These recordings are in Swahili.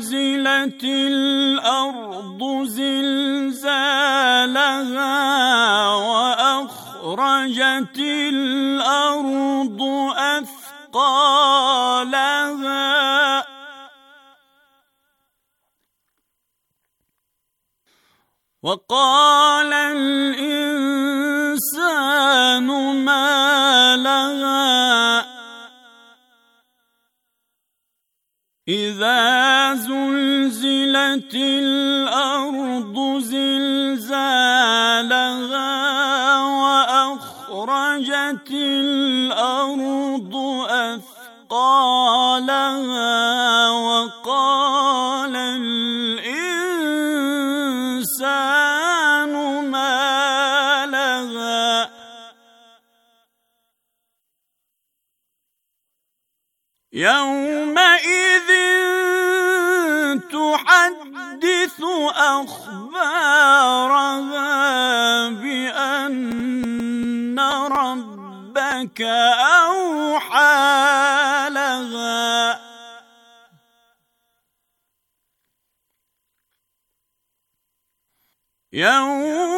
زلزلت الأرض زلزالها وأخرجت الأرض أثقالها وقال الإنسان ما لها إذا وأزلزلت الأرض زلزالها وأخرجت الأرض أثقالها وقال أخبارها بأن ربك أوحى لها يوم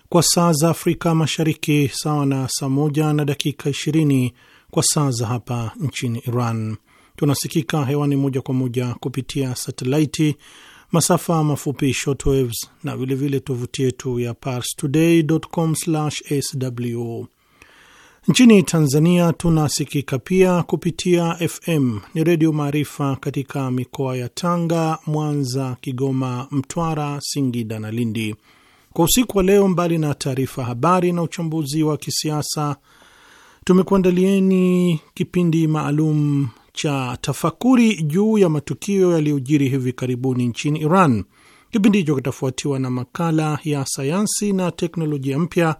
kwa saa za Afrika Mashariki, sawa na saa moja na dakika 20 kwa saa za hapa nchini Iran. Tunasikika hewani moja kwa moja kupitia satelaiti, masafa mafupi shortwaves na vilevile tovuti yetu ya parstoday.com/sw. Nchini Tanzania tunasikika pia kupitia FM ni Redio Maarifa katika mikoa ya Tanga, Mwanza, Kigoma, Mtwara, Singida na Lindi. Kwa usiku wa leo, mbali na taarifa habari na uchambuzi wa kisiasa, tumekuandalieni kipindi maalum cha tafakuri juu ya matukio yaliyojiri hivi karibuni nchini Iran. Kipindi hicho kitafuatiwa na makala ya sayansi na teknolojia mpya,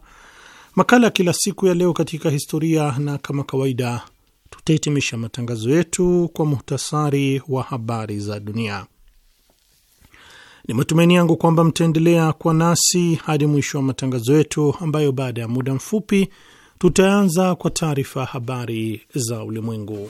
makala ya kila siku ya leo katika historia, na kama kawaida tutahitimisha matangazo yetu kwa muhtasari wa habari za dunia. Ni matumaini yangu kwamba mtaendelea kwa nasi hadi mwisho wa matangazo yetu, ambayo baada ya muda mfupi tutaanza kwa taarifa habari za ulimwengu.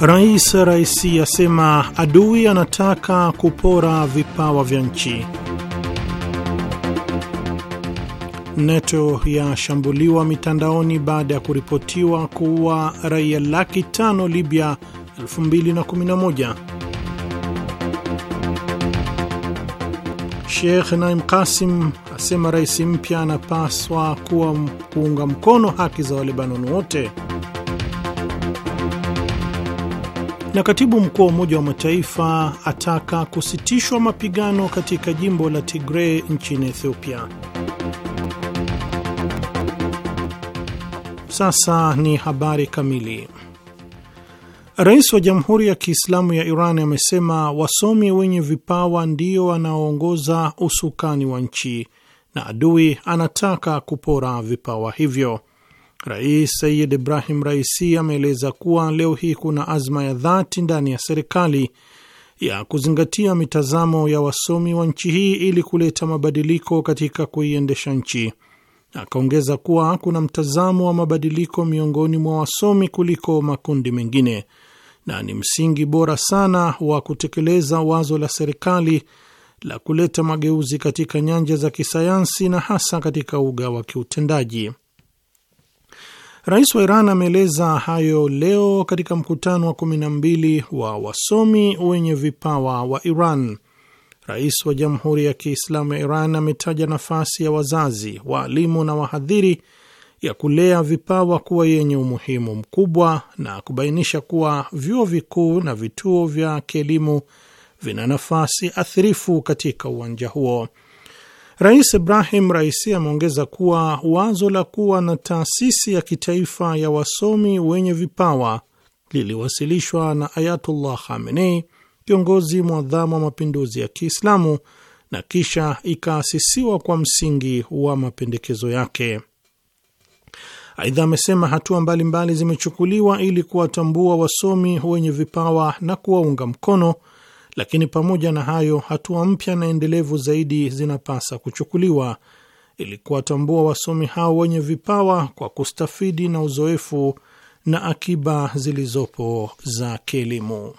Rais Raisi asema adui anataka kupora vipawa vya nchi. NATO yashambuliwa mitandaoni baada ya kuripotiwa kuua raia laki tano Libya 2011. Sheikh Naim Kasim asema rais mpya anapaswa kuwa kuunga mkono haki za Walebanon wote. Na katibu mkuu wa Umoja wa Mataifa ataka kusitishwa mapigano katika jimbo la Tigray nchini Ethiopia. Sasa ni habari kamili. Rais wa Jamhuri ya Kiislamu ya Iran amesema wasomi wenye vipawa ndio wanaoongoza usukani wa nchi na adui anataka kupora vipawa hivyo. Rais Sayid Ibrahim Raisi ameeleza kuwa leo hii kuna azma ya dhati ndani ya serikali ya kuzingatia mitazamo ya wasomi wa nchi hii ili kuleta mabadiliko katika kuiendesha nchi. Akaongeza kuwa kuna mtazamo wa mabadiliko miongoni mwa wasomi kuliko makundi mengine na ni msingi bora sana wa kutekeleza wazo la serikali la kuleta mageuzi katika nyanja za kisayansi na hasa katika uga wa kiutendaji. Rais wa Iran ameeleza hayo leo katika mkutano wa 12 wa wasomi wenye vipawa wa Iran. Rais wa Jamhuri ya Kiislamu ya Iran ametaja nafasi ya wazazi, waalimu na wahadhiri ya kulea vipawa kuwa yenye umuhimu mkubwa na kubainisha kuwa vyuo vikuu na vituo vya kielimu vina nafasi athirifu katika uwanja huo. Rais Ibrahim Raisi ameongeza kuwa wazo la kuwa na taasisi ya kitaifa ya wasomi wenye vipawa liliwasilishwa na Ayatullah Khamenei, kiongozi mwadhamu wa mapinduzi ya Kiislamu, na kisha ikaasisiwa kwa msingi wa mapendekezo yake. Aidha, amesema hatua mbalimbali zimechukuliwa ili kuwatambua wasomi wenye vipawa na kuwaunga mkono lakini pamoja na hayo, hatua mpya na endelevu zaidi zinapasa kuchukuliwa ili kuwatambua wasomi hao wenye vipawa kwa kustafidi na uzoefu na akiba zilizopo za kielimu.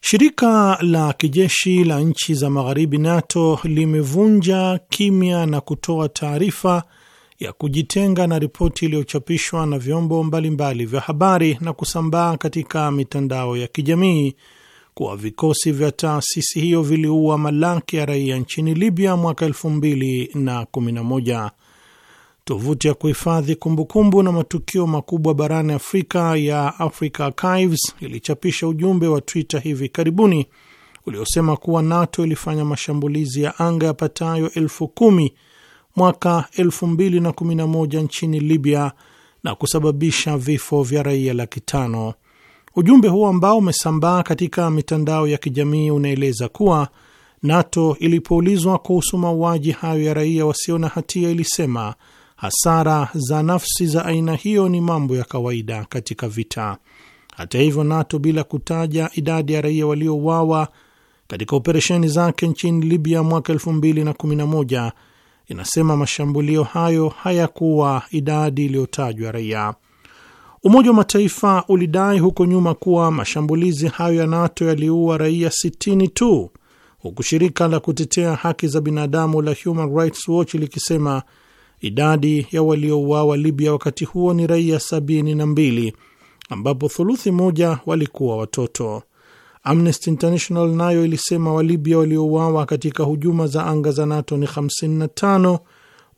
Shirika la kijeshi la nchi za magharibi NATO limevunja kimya na kutoa taarifa ya kujitenga na ripoti iliyochapishwa na vyombo mbalimbali vya habari na kusambaa katika mitandao ya kijamii kuwa vikosi vya taasisi hiyo viliua malaki ya raia nchini Libya mwaka moja. Tovuti ya kuhifadhi kumbukumbu na matukio makubwa barani Afrika ya Africa Archives ilichapisha ujumbe wa Twitter hivi karibuni uliosema kuwa NATO ilifanya mashambulizi ya anga yapatayo elfu kumi mwaka 2011 nchini Libya na kusababisha vifo vya raia laki tano. Ujumbe huo ambao umesambaa katika mitandao ya kijamii unaeleza kuwa NATO ilipoulizwa kuhusu mauaji hayo ya raia wasio na hatia ilisema hasara za nafsi za aina hiyo ni mambo ya kawaida katika vita. Hata hivyo, NATO bila kutaja idadi ya raia waliouawa katika operesheni zake nchini Libya mwaka inasema mashambulio hayo hayakuwa idadi iliyotajwa raia. Umoja wa Mataifa ulidai huko nyuma kuwa mashambulizi hayo ya NATO yaliua raia 60 tu, huku shirika la kutetea haki za binadamu la Human Rights Watch likisema idadi ya waliouawa Libya wakati huo ni raia 72 na mbili ambapo thuluthi moja walikuwa watoto. Amnesty International nayo ilisema Walibya waliouawa katika hujuma za anga za NATO ni 55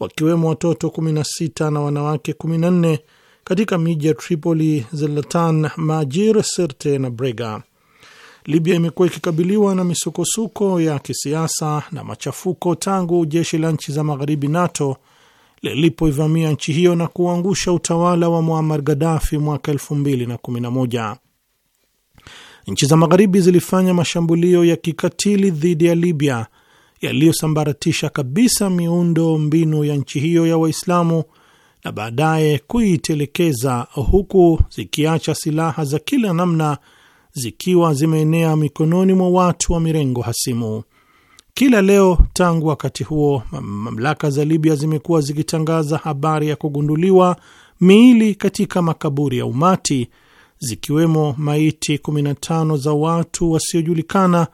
wakiwemo watoto 16 na wanawake 14 katika miji ya Tripoli, Zlatan, Majir, Sirte na Brega. Libya imekuwa ikikabiliwa na misukosuko ya kisiasa na machafuko tangu jeshi la nchi za magharibi NATO lilipoivamia nchi hiyo na kuangusha utawala wa Muammar Gaddafi mwaka 2011. Nchi za Magharibi zilifanya mashambulio ya kikatili dhidi ya Libya yaliyosambaratisha kabisa miundo mbinu ya nchi hiyo ya Waislamu na baadaye kuitelekeza, huku zikiacha silaha za kila namna zikiwa zimeenea mikononi mwa watu wa mirengo hasimu. Kila leo tangu wakati huo, mamlaka za Libya zimekuwa zikitangaza habari ya kugunduliwa miili katika makaburi ya umati zikiwemo maiti 15 za watu wasiojulikana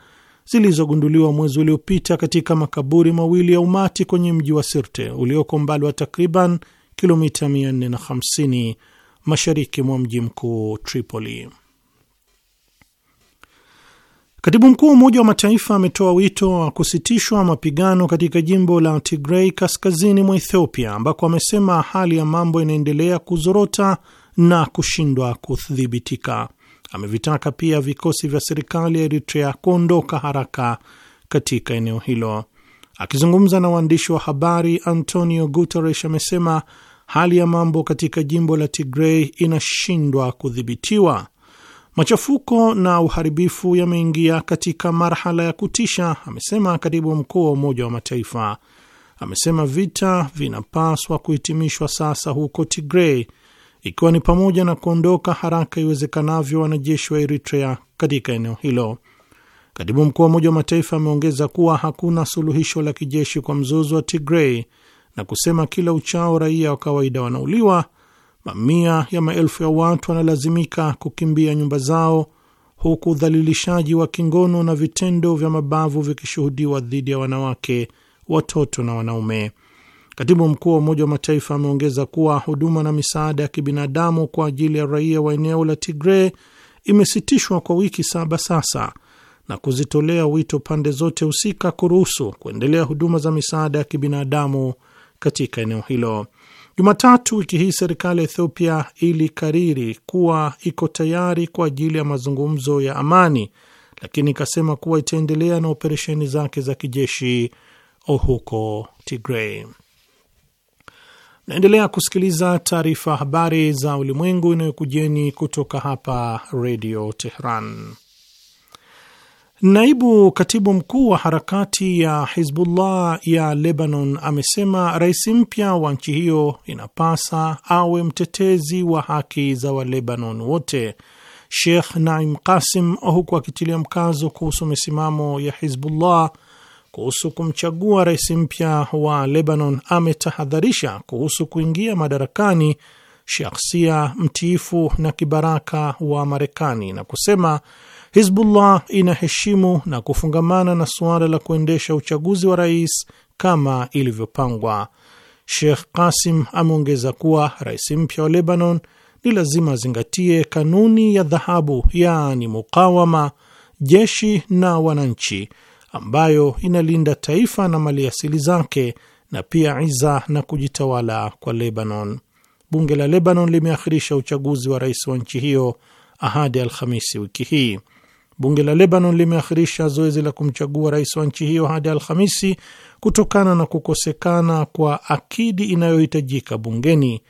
zilizogunduliwa mwezi uliopita katika makaburi mawili ya umati kwenye mji wa Sirte ulioko mbali wa takriban kilomita 450 mashariki mwa mji mkuu Tripoli. Katibu mkuu wa Umoja wa Mataifa ametoa wito wa kusitishwa mapigano katika jimbo la Tigray kaskazini mwa Ethiopia, ambako amesema hali ya mambo inaendelea kuzorota na kushindwa kuthibitika. Amevitaka pia vikosi vya serikali ya Eritrea kuondoka haraka katika eneo hilo. Akizungumza na waandishi wa habari, Antonio Guterres amesema hali ya mambo katika jimbo la Tigrei inashindwa kudhibitiwa. Machafuko na uharibifu yameingia katika marhala ya kutisha, amesema katibu mkuu wa Umoja wa Mataifa. Amesema vita vinapaswa kuhitimishwa sasa huko Tigrei ikiwa ni pamoja na kuondoka haraka iwezekanavyo wanajeshi wa Eritrea katika eneo hilo. Katibu mkuu wa Umoja wa Mataifa ameongeza kuwa hakuna suluhisho la kijeshi kwa mzozo wa Tigrei na kusema kila uchao raia wa kawaida wanauliwa, mamia ya maelfu ya watu wanalazimika kukimbia nyumba zao, huku udhalilishaji wa kingono na vitendo vya mabavu vikishuhudiwa dhidi ya wanawake, watoto na wanaume. Katibu mkuu wa Umoja wa Mataifa ameongeza kuwa huduma na misaada ya kibinadamu kwa ajili ya raia wa eneo la Tigre imesitishwa kwa wiki saba sasa na kuzitolea wito pande zote husika kuruhusu kuendelea huduma za misaada ya kibinadamu katika eneo hilo. Jumatatu wiki hii serikali ya Ethiopia ilikariri kuwa iko tayari kwa ajili ya mazungumzo ya amani, lakini ikasema kuwa itaendelea na operesheni zake za kijeshi huko Tigray. Naendelea kusikiliza taarifa habari za ulimwengu inayokujeni kutoka hapa redio Tehran. Naibu katibu mkuu wa harakati ya Hizbullah ya Lebanon amesema rais mpya wa nchi hiyo inapasa awe mtetezi wa haki za Walebanon wote. Sheikh Naim Qasim, huku akitilia mkazo kuhusu misimamo ya Hizbullah kuhusu kumchagua rais mpya wa Lebanon ametahadharisha kuhusu kuingia madarakani shakhsia mtiifu na kibaraka wa Marekani na kusema Hizbullah inaheshimu na kufungamana na suala la kuendesha uchaguzi wa rais kama ilivyopangwa. Sheikh Qasim ameongeza kuwa rais mpya wa Lebanon ni lazima azingatie kanuni ya dhahabu, yaani mukawama, jeshi na wananchi ambayo inalinda taifa na maliasili zake na pia iza na kujitawala kwa Lebanon. Bunge la Lebanon limeahirisha uchaguzi wa rais wa nchi hiyo ahadi Alhamisi wiki hii. Bunge la Lebanon limeahirisha zoezi la kumchagua rais wa nchi hiyo hadi Alhamisi kutokana na kukosekana kwa akidi inayohitajika bungeni.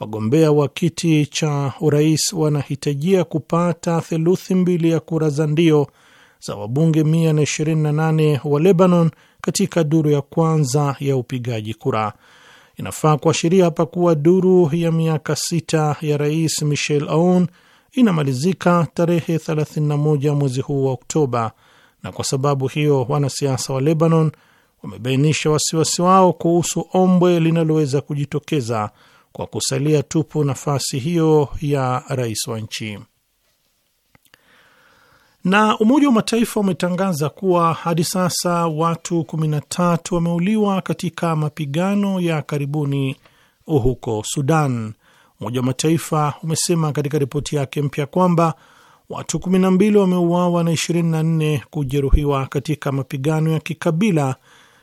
Wagombea wa kiti cha urais wanahitajia kupata theluthi mbili ya kura za ndio za wabunge 128 wa Lebanon katika duru ya kwanza ya upigaji kura. Inafaa kuashiria hapa kuwa duru ya miaka sita ya Rais Michel Aoun inamalizika tarehe 31 mwezi huu wa Oktoba, na kwa sababu hiyo wanasiasa wa Lebanon wamebainisha wasiwasi wao kuhusu ombwe linaloweza kujitokeza kwa kusalia tupu nafasi hiyo ya rais wa nchi. Na Umoja wa Mataifa umetangaza kuwa hadi sasa watu 13 wameuliwa katika mapigano ya karibuni huko Sudan. Umoja wa Mataifa umesema katika ripoti yake mpya kwamba watu 12 wameuawa na 24 kujeruhiwa katika mapigano ya kikabila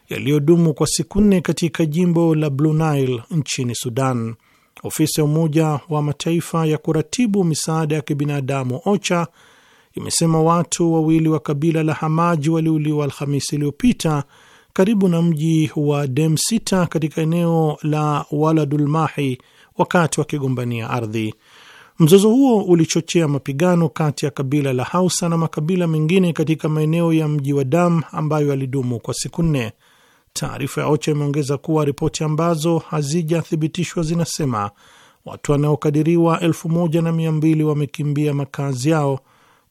yaliyodumu kwa siku nne katika jimbo la Blue Nile nchini Sudan. Ofisi ya Umoja wa Mataifa ya kuratibu misaada ya kibinadamu OCHA imesema watu wawili wa kabila la Hamaji waliuliwa Alhamisi iliyopita karibu na mji wa Demsita katika eneo la Waladulmahi wakati wakigombania ardhi. Mzozo huo ulichochea mapigano kati ya kabila la Hausa na makabila mengine katika maeneo ya mji wa Dam ambayo yalidumu kwa siku nne. Taarifa ya OCHA imeongeza kuwa ripoti ambazo hazijathibitishwa zinasema watu wanaokadiriwa elfu moja na mia mbili wamekimbia makazi yao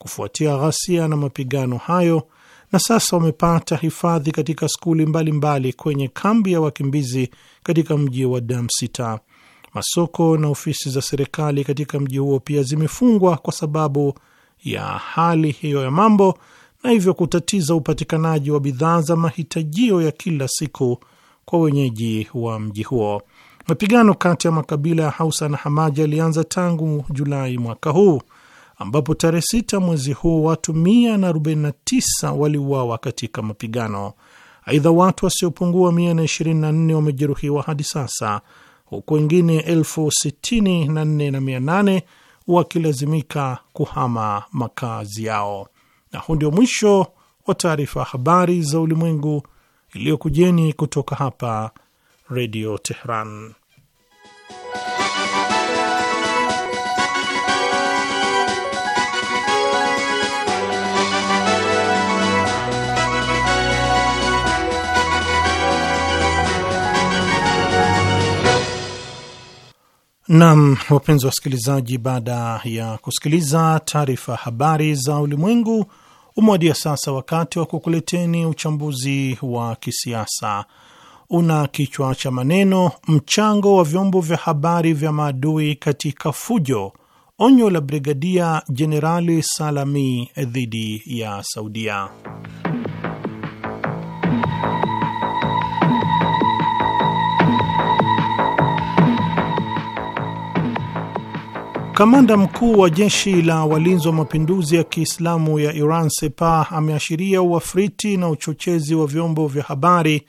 kufuatia ghasia na mapigano hayo, na sasa wamepata hifadhi katika skuli mbalimbali mbali kwenye kambi ya wakimbizi katika mji wa Damsita. Masoko na ofisi za serikali katika mji huo pia zimefungwa kwa sababu ya hali hiyo ya mambo, na hivyo kutatiza upatikanaji wa bidhaa za mahitajio ya kila siku kwa wenyeji wa mji huo. Mapigano kati ya makabila ya Hausa na Hamaja yalianza tangu Julai mwaka huu ambapo tarehe sita mwezi huu watu 149 waliuawa katika mapigano. Aidha, watu wasiopungua 124 wamejeruhiwa hadi sasa, huku wengine elfu sitini na nne na mia nane wakilazimika kuhama makazi yao. Na huu ndio mwisho wa taarifa ya habari za ulimwengu iliyokujeni kutoka hapa Redio teheran Nam, wapenzi wasikilizaji, baada ya kusikiliza taarifa habari za ulimwengu, umewadia sasa wakati wa kukuleteni uchambuzi wa kisiasa una kichwa cha maneno: mchango wa vyombo vya habari vya maadui katika fujo, onyo la Brigadia Jenerali Salami dhidi ya Saudia. Kamanda mkuu wa jeshi la walinzi wa mapinduzi ya Kiislamu ya Iran Sepah ameashiria uafriti na uchochezi wa vyombo vya habari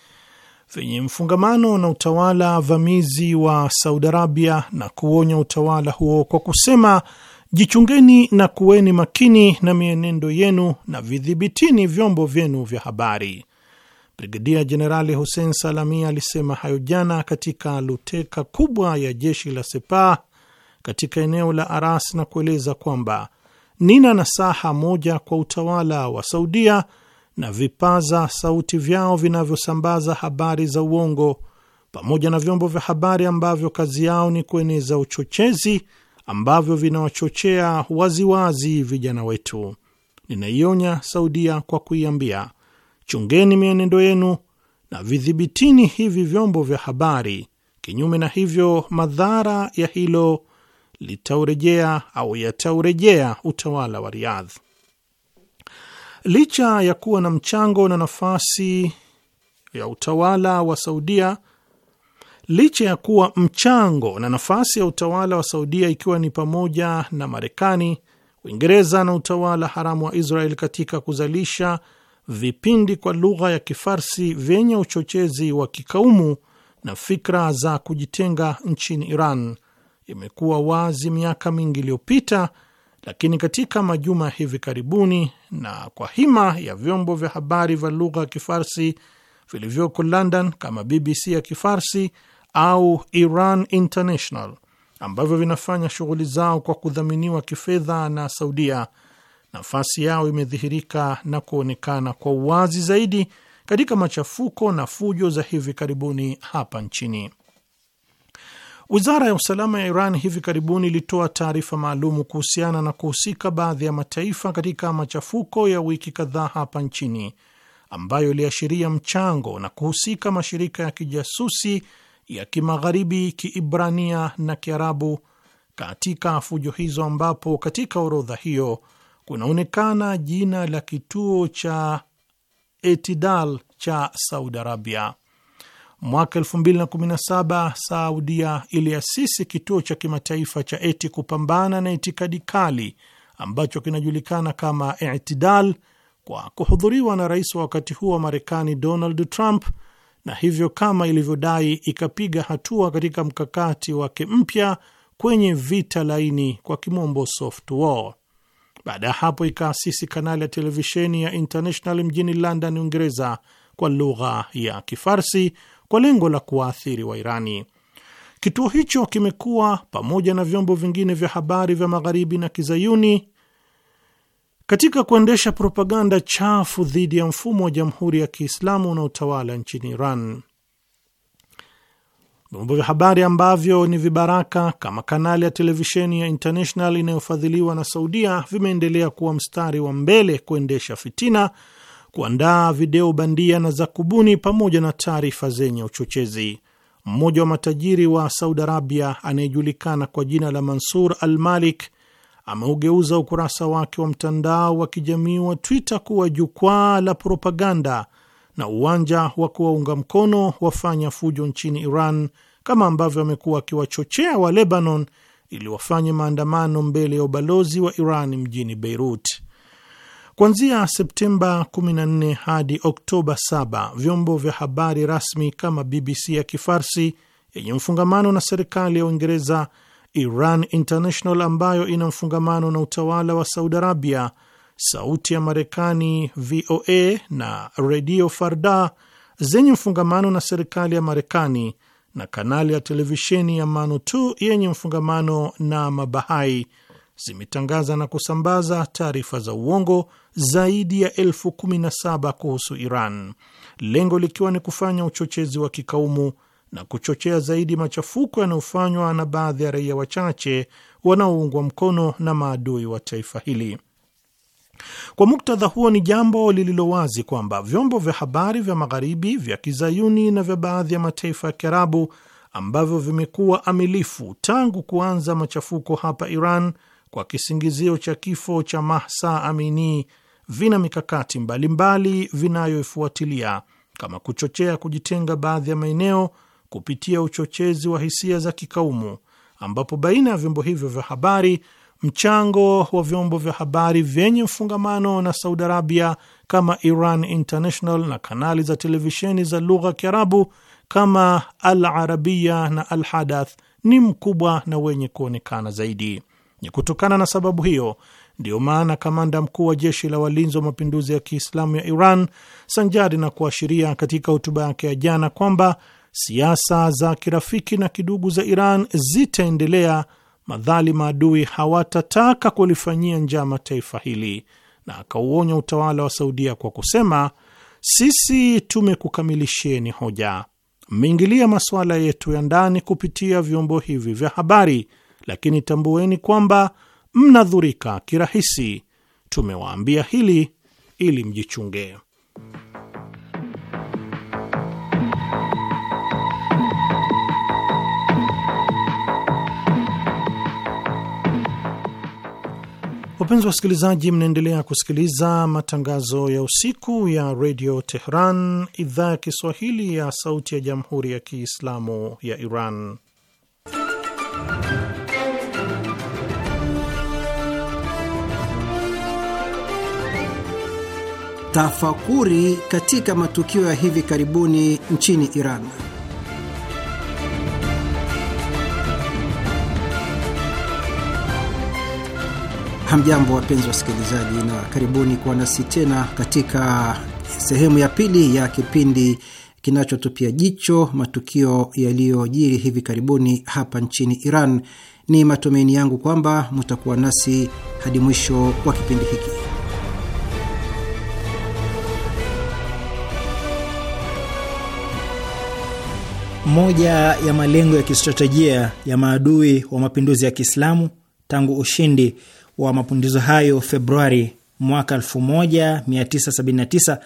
vyenye mfungamano na utawala vamizi wa Saudi Arabia na kuonya utawala huo kwa kusema, jichungeni na kuweni makini na mienendo yenu na vidhibitini vyombo vyenu vya habari. Brigadia Jenerali Hussein Salami alisema hayo jana katika luteka kubwa ya jeshi la Sepah katika eneo la Aras na kueleza kwamba nina nasaha moja kwa utawala wa Saudia na vipaza sauti vyao vinavyosambaza habari za uongo pamoja na vyombo vya habari ambavyo kazi yao ni kueneza uchochezi ambavyo vinawachochea waziwazi vijana wetu. Ninaionya Saudia kwa kuiambia, chungeni mienendo yenu na vidhibitini hivi vyombo vya habari. Kinyume na hivyo, madhara ya hilo litaurejea au yataurejea utawala wa Riyadh. Licha ya kuwa na mchango na nafasi ya utawala wa Saudia, licha ya kuwa mchango na nafasi ya utawala wa Saudia ikiwa ni pamoja na Marekani, Uingereza na utawala haramu wa Israel katika kuzalisha vipindi kwa lugha ya Kifarsi vyenye uchochezi wa kikaumu na fikra za kujitenga nchini Iran, imekuwa wazi miaka mingi iliyopita, lakini katika majuma hivi karibuni na kwa hima ya vyombo vya habari vya lugha ya Kifarsi vilivyoko London kama BBC ya Kifarsi au Iran International ambavyo vinafanya shughuli zao kwa kudhaminiwa kifedha na Saudia, nafasi yao imedhihirika na kuonekana kwa uwazi zaidi katika machafuko na fujo za hivi karibuni hapa nchini. Wizara ya usalama ya Iran hivi karibuni ilitoa taarifa maalumu kuhusiana na kuhusika baadhi ya mataifa katika machafuko ya wiki kadhaa hapa nchini ambayo iliashiria mchango na kuhusika mashirika ya kijasusi ya kimagharibi, kiibrania na kiarabu katika fujo hizo, ambapo katika orodha hiyo kunaonekana jina la kituo cha Etidal cha Saudi Arabia. Mwaka 2017 Saudia iliasisi kituo cha kimataifa cha eti kupambana na itikadi kali ambacho kinajulikana kama Itidal kwa kuhudhuriwa na rais wa wakati huo wa Marekani Donald Trump, na hivyo kama ilivyodai ikapiga hatua katika mkakati wake mpya kwenye vita laini, kwa kimombo soft war. Baada ya hapo ikaasisi kanali ya televisheni ya International mjini London, Uingereza, kwa lugha ya Kifarsi kwa lengo la kuwaathiri Wairani. Kituo hicho kimekuwa pamoja na vyombo vingine vya habari vya magharibi na kizayuni katika kuendesha propaganda chafu dhidi ya mfumo wa Jamhuri ya Kiislamu na utawala nchini Iran. Vyombo vya habari ambavyo ni vibaraka kama kanali ya televisheni ya International inayofadhiliwa na Saudia vimeendelea kuwa mstari wa mbele kuendesha fitina kuandaa video bandia na za kubuni pamoja na taarifa zenye uchochezi. Mmoja wa matajiri wa Saudi Arabia anayejulikana kwa jina la Mansur Al Malik ameugeuza ukurasa wake wa mtandao wa kijamii wa Twitter kuwa jukwaa la propaganda na uwanja wa kuwaunga mkono wafanya fujo nchini Iran, kama ambavyo amekuwa akiwachochea wa Lebanon ili wafanye maandamano mbele ya ubalozi wa Iran mjini Beirut. Kuanzia Septemba 14 hadi Oktoba 7 vyombo vya habari rasmi kama BBC ya Kifarsi yenye mfungamano na serikali ya Uingereza, Iran International ambayo ina mfungamano na utawala wa Saudi Arabia, Sauti ya Marekani VOA na Redio Farda zenye mfungamano na serikali ya Marekani na kanali ya televisheni ya Mano tu yenye mfungamano na Mabahai zimetangaza na kusambaza taarifa za uongo zaidi ya elfu kumi na saba kuhusu Iran, lengo likiwa ni kufanya uchochezi wa kikaumu na kuchochea zaidi machafuko yanayofanywa na baadhi ya raia wachache wanaoungwa mkono na maadui wa taifa hili. Kwa muktadha huo, ni jambo lililo wazi kwamba vyombo vya habari vya magharibi vya kizayuni na vya baadhi ya mataifa ya Kiarabu ambavyo vimekuwa amilifu tangu kuanza machafuko hapa Iran kwa kisingizio cha kifo cha Mahsa Amini vina mikakati mbalimbali vinayoifuatilia kama kuchochea kujitenga baadhi ya maeneo kupitia uchochezi wa hisia za kikaumu, ambapo baina ya vyombo hivyo vya habari mchango wa vyombo vya habari vyenye mfungamano na Saudi Arabia kama Iran International na kanali za televisheni za lugha ya Kiarabu kama Al Arabiya na Al Hadath ni mkubwa na wenye kuonekana zaidi. Ni kutokana na sababu hiyo Ndiyo maana kamanda mkuu wa jeshi la walinzi wa mapinduzi ya Kiislamu ya Iran, sanjari na kuashiria katika hotuba yake ya jana kwamba siasa za kirafiki na kidugu za Iran zitaendelea madhali maadui hawatataka kulifanyia njama taifa hili, na akauonya utawala wa Saudia kwa kusema, sisi tumekukamilisheni hoja, mmeingilia masuala yetu ya ndani kupitia vyombo hivi vya habari, lakini tambueni kwamba mnadhurika kirahisi. Tumewaambia hili ili mjichunge. Wapenzi wasikilizaji, mnaendelea kusikiliza matangazo ya usiku ya redio Tehran, idhaa ya Kiswahili ya sauti ya jamhuri ya Kiislamu ya Iran. tafakuri katika matukio ya hivi karibuni nchini Iran. Hamjambo, wapenzi wasikilizaji, na karibuni kuwa nasi tena katika sehemu ya pili ya kipindi kinachotupia jicho matukio yaliyojiri hivi karibuni hapa nchini Iran. Ni matumaini yangu kwamba mutakuwa nasi hadi mwisho wa kipindi hiki. Moja ya malengo ya kistratejia ya maadui wa mapinduzi ya Kiislamu tangu ushindi wa mapinduzi hayo Februari mwaka 1979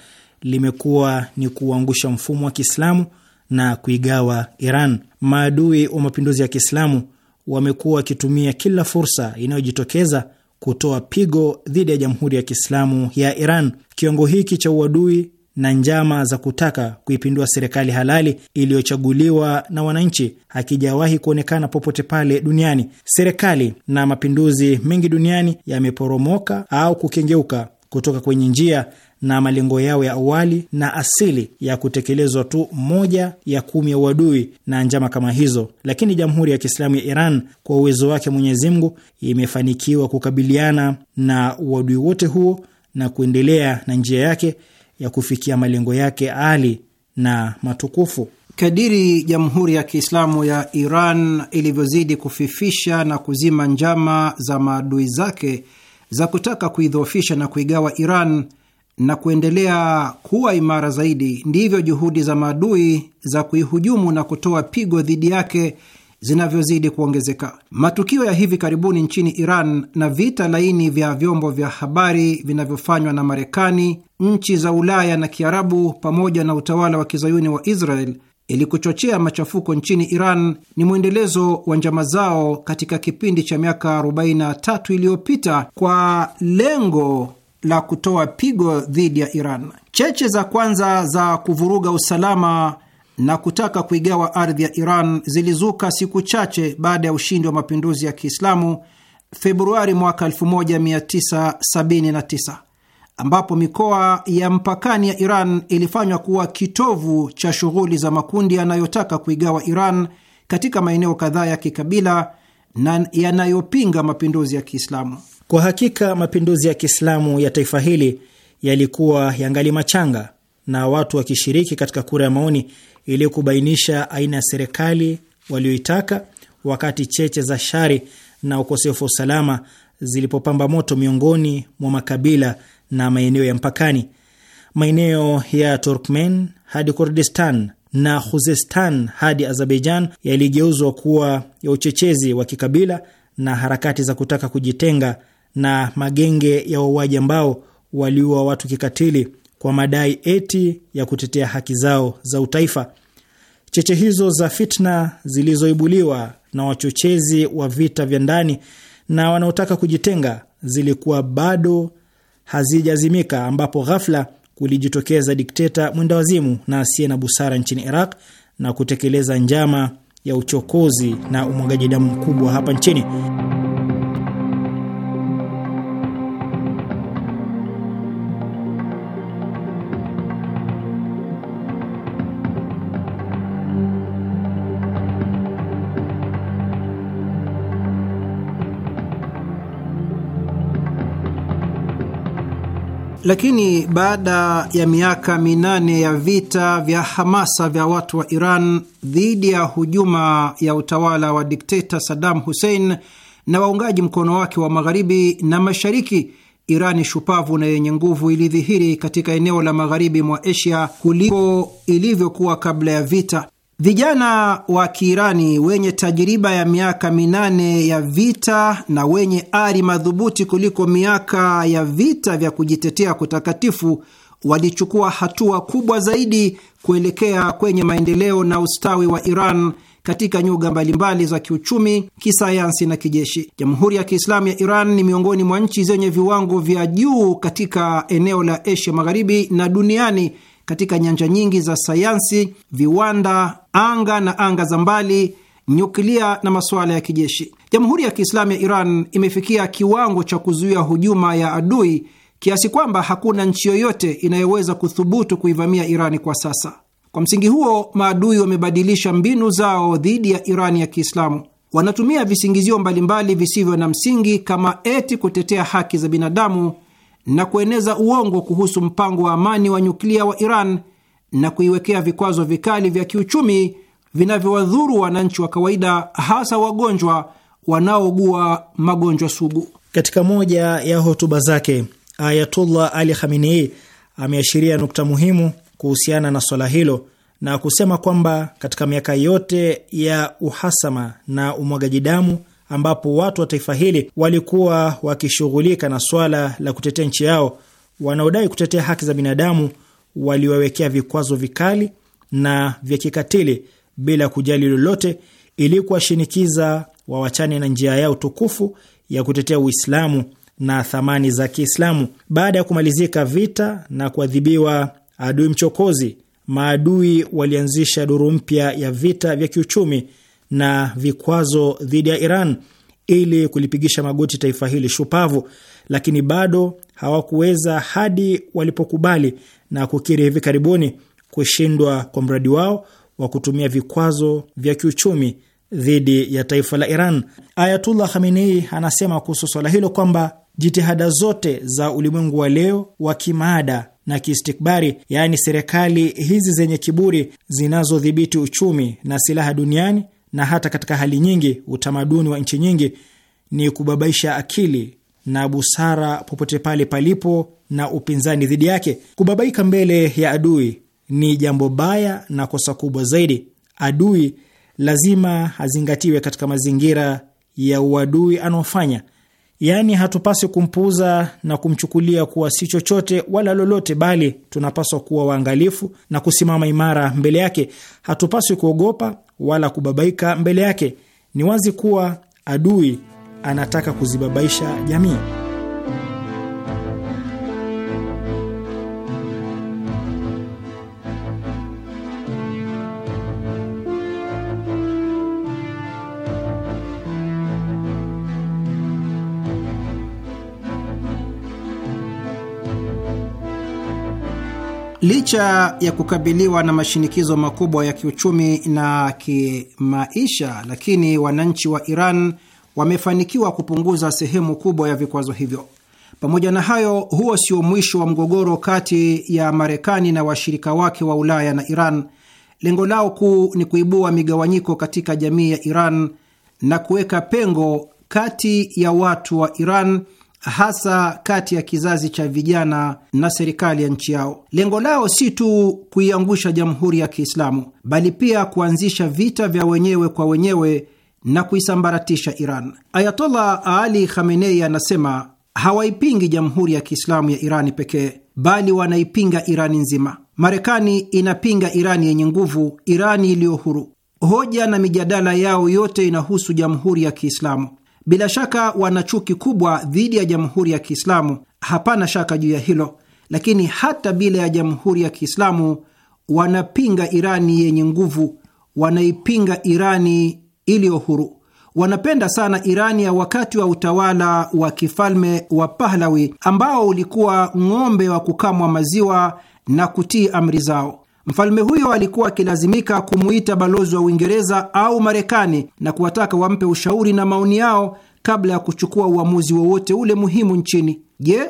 limekuwa ni kuuangusha mfumo wa Kiislamu na kuigawa Iran. Maadui wa mapinduzi ya Kiislamu wamekuwa wakitumia kila fursa inayojitokeza kutoa pigo dhidi ya Jamhuri ya Kiislamu ya Iran. Kiwango hiki cha uadui na njama za kutaka kuipindua serikali halali iliyochaguliwa na wananchi hakijawahi kuonekana popote pale duniani. Serikali na mapinduzi mengi duniani yameporomoka au kukengeuka kutoka kwenye njia na malengo yao ya awali na asili ya kutekelezwa tu moja ya kumi ya uadui na njama kama hizo. Lakini Jamhuri ya Kiislamu ya Iran kwa uwezo wake Mwenyezi Mungu imefanikiwa kukabiliana na uadui wote huo na kuendelea na njia yake ya kufikia malengo yake ali na matukufu. Kadiri Jamhuri ya Kiislamu ya Iran ilivyozidi kufifisha na kuzima njama za maadui zake za kutaka kuidhoofisha na kuigawa Iran na kuendelea kuwa imara zaidi, ndivyo juhudi za maadui za kuihujumu na kutoa pigo dhidi yake zinavyozidi kuongezeka. Matukio ya hivi karibuni nchini Iran na vita laini vya vyombo vya habari vinavyofanywa na Marekani, nchi za Ulaya na Kiarabu pamoja na utawala wa kizayuni wa Israel ili kuchochea machafuko nchini Iran ni mwendelezo wa njama zao katika kipindi cha miaka 43 iliyopita kwa lengo la kutoa pigo dhidi ya Iran. Cheche za kwanza za kuvuruga usalama na kutaka kuigawa ardhi ya Iran zilizuka siku chache baada ya ushindi wa mapinduzi ya Kiislamu Februari mwaka 1979 ambapo mikoa ya mpakani ya Iran ilifanywa kuwa kitovu cha shughuli za makundi yanayotaka kuigawa Iran katika maeneo kadhaa ya kikabila na yanayopinga mapinduzi ya Kiislamu. Kwa hakika mapinduzi ya Kiislamu ya taifa hili yalikuwa yangali machanga na watu wakishiriki katika kura ya maoni ili kubainisha aina ya serikali walioitaka, wakati cheche za shari na ukosefu wa usalama zilipopamba moto miongoni mwa makabila na maeneo ya mpakani. Maeneo ya Turkmen hadi Kurdistan na Khuzestan hadi Azerbaijan yaligeuzwa kuwa ya uchechezi wa kikabila na harakati za kutaka kujitenga na magenge ya wauaji ambao waliua watu kikatili kwa madai eti ya kutetea haki zao za utaifa. Cheche hizo za fitna zilizoibuliwa na wachochezi wa vita vya ndani na wanaotaka kujitenga zilikuwa bado hazijazimika, ambapo ghafla kulijitokeza dikteta mwendawazimu na asiye na busara nchini Iraq na kutekeleza njama ya uchokozi na umwagaji damu mkubwa hapa nchini. Lakini baada ya miaka minane ya vita vya hamasa vya watu wa Iran dhidi ya hujuma ya utawala wa dikteta Saddam Hussein na waungaji mkono wake wa magharibi na mashariki, Irani shupavu na yenye nguvu ilidhihiri katika eneo la magharibi mwa Asia kuliko ilivyokuwa kabla ya vita Vijana wa Kiirani wenye tajiriba ya miaka minane ya vita na wenye ari madhubuti kuliko miaka ya vita vya kujitetea kutakatifu walichukua hatua kubwa zaidi kuelekea kwenye maendeleo na ustawi wa Iran katika nyuga mbalimbali za kiuchumi, kisayansi na kijeshi. Jamhuri ya Kiislamu ya Iran ni miongoni mwa nchi zenye viwango vya juu katika eneo la Asia Magharibi na duniani katika nyanja nyingi za sayansi, viwanda, anga na anga za mbali, nyuklia na masuala ya kijeshi. Jamhuri ya Kiislamu ya Iran imefikia kiwango cha kuzuia hujuma ya adui kiasi kwamba hakuna nchi yoyote inayoweza kuthubutu kuivamia Irani kwa sasa. Kwa msingi huo, maadui wamebadilisha mbinu zao dhidi ya Irani ya Kiislamu. Wanatumia visingizio mbalimbali visivyo na msingi kama eti kutetea haki za binadamu na kueneza uongo kuhusu mpango wa amani wa nyuklia wa Iran na kuiwekea vikwazo vikali vya kiuchumi vinavyowadhuru wananchi wa kawaida, hasa wagonjwa wanaougua magonjwa sugu. Katika moja ya hotuba zake, Ayatullah Ali Khamenei ameashiria nukta muhimu kuhusiana na swala hilo na kusema kwamba katika miaka yote ya uhasama na umwagaji damu ambapo watu wa taifa hili walikuwa wakishughulika na swala la kutetea nchi yao, wanaodai kutetea haki za binadamu waliwawekea vikwazo vikali na vya kikatili bila kujali lolote, ili kuwashinikiza wawachane na njia yao tukufu ya kutetea Uislamu na thamani za Kiislamu. Baada ya kumalizika vita na kuadhibiwa adui mchokozi, maadui walianzisha duru mpya ya vita vya kiuchumi na vikwazo dhidi ya Iran ili kulipigisha magoti taifa hili shupavu, lakini bado hawakuweza hadi walipokubali na kukiri hivi karibuni kushindwa kwa mradi wao wa kutumia vikwazo vya kiuchumi dhidi ya taifa la Iran. Ayatullah Khamenei anasema kuhusu swala hilo kwamba jitihada zote za ulimwengu wa leo wa kimaada na kiistikbari, yaani serikali hizi zenye kiburi zinazodhibiti uchumi na silaha duniani na hata katika hali nyingi, utamaduni wa nchi nyingi ni kubabaisha akili na busara popote pale palipo na upinzani dhidi yake. Kubabaika mbele ya adui ni jambo baya na kosa kubwa zaidi. Adui lazima azingatiwe katika mazingira ya uadui anaofanya Yaani, hatupaswi kumpuuza na kumchukulia kuwa si chochote wala lolote, bali tunapaswa kuwa waangalifu na kusimama imara mbele yake. Hatupaswi kuogopa wala kubabaika mbele yake. Ni wazi kuwa adui anataka kuzibabaisha jamii. Licha ya kukabiliwa na mashinikizo makubwa ya kiuchumi na kimaisha, lakini wananchi wa Iran wamefanikiwa kupunguza sehemu kubwa ya vikwazo hivyo. Pamoja na hayo, huo sio mwisho wa mgogoro kati ya Marekani na washirika wake wa Ulaya na Iran. Lengo lao kuu ni kuibua migawanyiko katika jamii ya Iran na kuweka pengo kati ya watu wa Iran hasa kati ya kizazi cha vijana na serikali ya nchi yao. Lengo lao si tu kuiangusha Jamhuri ya Kiislamu, bali pia kuanzisha vita vya wenyewe kwa wenyewe na kuisambaratisha Iran. Ayatollah Ali Khamenei anasema hawaipingi Jamhuri ya Kiislamu ya Irani pekee, bali wanaipinga Irani nzima. Marekani inapinga Irani yenye nguvu, Irani iliyo huru. Hoja na mijadala yao yote inahusu Jamhuri ya Kiislamu. Bila shaka wana chuki kubwa dhidi ya jamhuri ya Kiislamu, hapana shaka juu ya hilo, lakini hata bila ya jamhuri ya Kiislamu wanapinga Irani yenye nguvu, wanaipinga Irani iliyo huru. Wanapenda sana Irani ya wakati wa utawala wa kifalme wa Pahlawi ambao ulikuwa ng'ombe wa kukamwa maziwa na kutii amri zao. Mfalme huyo alikuwa akilazimika kumuita balozi wa Uingereza au Marekani na kuwataka wampe ushauri na maoni yao kabla ya kuchukua uamuzi wowote ule muhimu nchini. Je,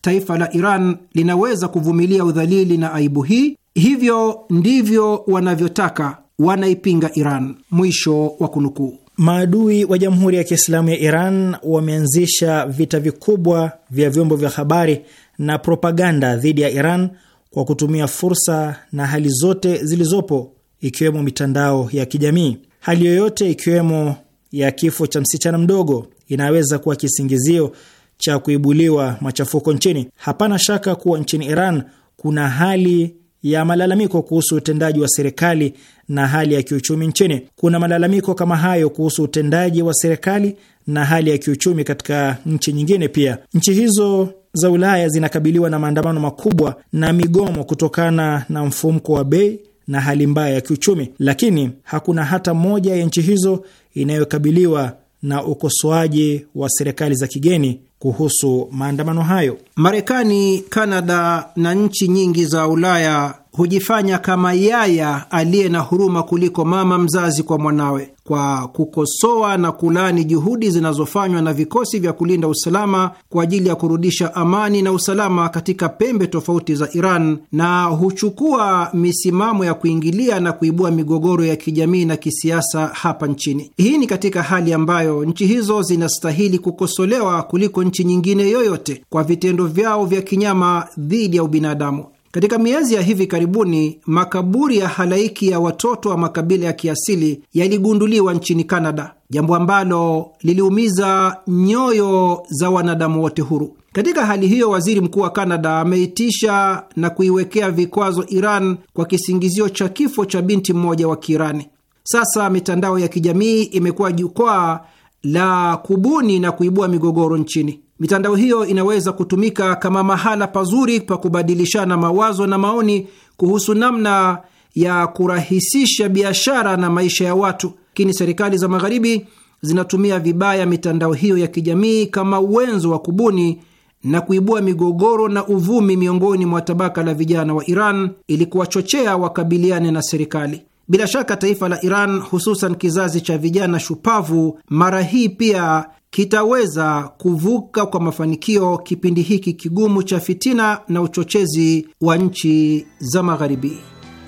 taifa la Iran linaweza kuvumilia udhalili na aibu hii? Hivyo ndivyo wanavyotaka, wanaipinga Iran. Mwisho wa kunukuu. Maadui wa Jamhuri ya Kiislamu ya Iran wameanzisha vita vikubwa vya vyombo vya habari na propaganda dhidi ya Iran kwa kutumia fursa na hali zote zilizopo ikiwemo mitandao ya kijamii. Hali yoyote ikiwemo ya kifo cha msichana mdogo inaweza kuwa kisingizio cha kuibuliwa machafuko nchini. Hapana shaka kuwa nchini Iran kuna hali ya malalamiko kuhusu utendaji wa serikali na hali ya kiuchumi nchini. Kuna malalamiko kama hayo kuhusu utendaji wa serikali na hali ya kiuchumi katika nchi nyingine pia. Nchi hizo za Ulaya zinakabiliwa na maandamano makubwa na migomo kutokana na mfumko wa bei na hali mbaya ya kiuchumi, lakini hakuna hata moja ya nchi hizo inayokabiliwa na ukosoaji wa serikali za kigeni kuhusu maandamano hayo. Marekani, Kanada na nchi nyingi za Ulaya hujifanya kama yaya aliye na huruma kuliko mama mzazi kwa mwanawe, kwa kukosoa na kulani juhudi zinazofanywa na vikosi vya kulinda usalama kwa ajili ya kurudisha amani na usalama katika pembe tofauti za Iran, na huchukua misimamo ya kuingilia na kuibua migogoro ya kijamii na kisiasa hapa nchini. Hii ni katika hali ambayo nchi hizo zinastahili kukosolewa kuliko nchi nyingine yoyote kwa vitendo vyao vya kinyama dhidi ya ubinadamu. Katika miezi ya hivi karibuni, makaburi ya halaiki ya watoto wa makabila ya kiasili yaligunduliwa nchini Kanada, jambo ambalo liliumiza nyoyo za wanadamu wote huru. Katika hali hiyo, waziri mkuu wa Kanada ameitisha na kuiwekea vikwazo Iran kwa kisingizio cha kifo cha binti mmoja wa Kiirani. Sasa mitandao ya kijamii imekuwa jukwaa la kubuni na kuibua migogoro nchini. Mitandao hiyo inaweza kutumika kama mahala pazuri pa kubadilishana mawazo na maoni kuhusu namna ya kurahisisha biashara na maisha ya watu, lakini serikali za Magharibi zinatumia vibaya mitandao hiyo ya kijamii kama uwenzo wa kubuni na kuibua migogoro na uvumi miongoni mwa tabaka la vijana wa Iran ili kuwachochea wakabiliane na serikali. Bila shaka taifa la Iran, hususan kizazi cha vijana shupavu, mara hii pia kitaweza kuvuka kwa mafanikio kipindi hiki kigumu cha fitina na uchochezi wa nchi za Magharibi.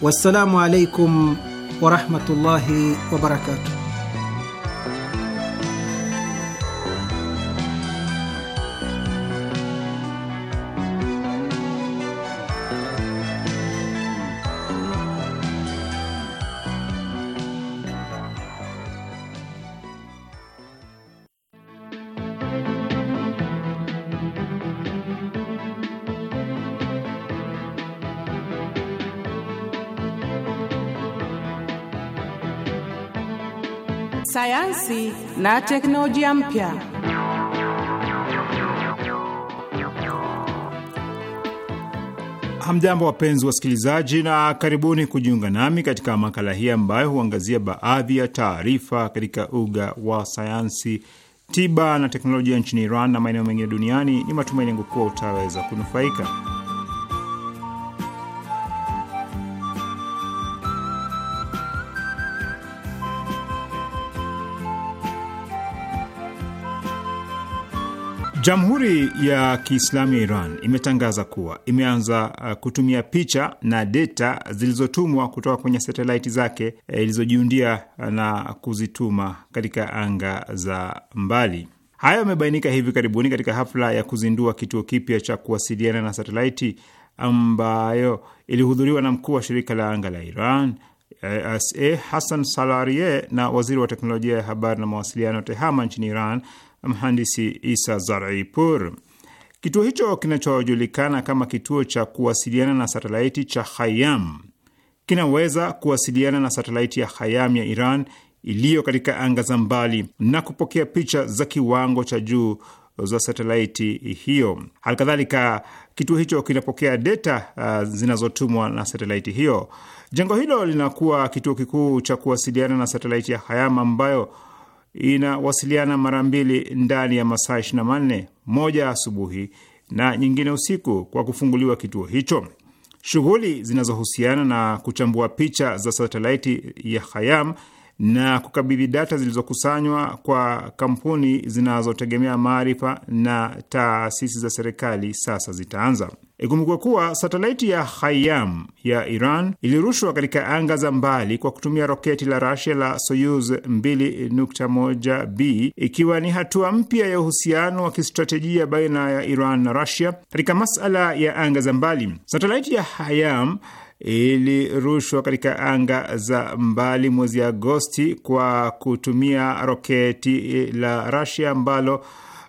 Wassalamu alaikum warahmatullahi wabarakatuh. sayansi na teknolojia mpya. Hamjambo, wapenzi wasikilizaji, na karibuni kujiunga nami katika makala hii ambayo huangazia baadhi ya taarifa katika uga wa sayansi, tiba na teknolojia nchini Iran na maeneo mengine duniani. Ni matumaini yangu kuwa utaweza kunufaika. Jamhuri ya Kiislamu ya Iran imetangaza kuwa imeanza uh, kutumia picha na data zilizotumwa kutoka kwenye satelaiti zake eh, ilizojiundia na kuzituma katika anga za mbali. Hayo yamebainika hivi karibuni katika hafla ya kuzindua kituo kipya cha kuwasiliana na satelaiti ambayo ilihudhuriwa na mkuu wa shirika la anga la Iran sa Hassan Salarie na waziri wa teknolojia ya habari na mawasiliano TEHAMA nchini Iran mhandisi Isa Zaraipur. Kituo hicho kinachojulikana kama kituo cha kuwasiliana na satelaiti cha Hayam kinaweza kuwasiliana na satelaiti ya Hayam ya Iran iliyo katika anga za mbali na kupokea picha za kiwango cha juu za satelaiti hiyo. Halikadhalika, kituo hicho kinapokea data uh, zinazotumwa na satelaiti hiyo. Jengo hilo linakuwa kituo kikuu cha kuwasiliana na satelaiti ya Hayam ambayo inawasiliana mara mbili ndani ya masaa manne moja asubuhi na nyingine usiku, kwa kufunguliwa kituo hicho. Shughuli zinazohusiana na kuchambua picha za satelaiti ya Hayam na kukabidhi data zilizokusanywa kwa kampuni zinazotegemea maarifa na taasisi za serikali sasa zitaanza. Ikumbukwe kuwa satelaiti ya Hayam ya Iran ilirushwa katika anga za mbali kwa kutumia roketi la Rasia la Soyuz 2.1b ikiwa ni hatua mpya ya uhusiano wa kistratejia baina ya Iran na Rasia katika masala ya anga za mbali. Satelaiti ya Hayam ilirushwa katika anga za mbali mwezi Agosti kwa kutumia roketi la Rasia ambalo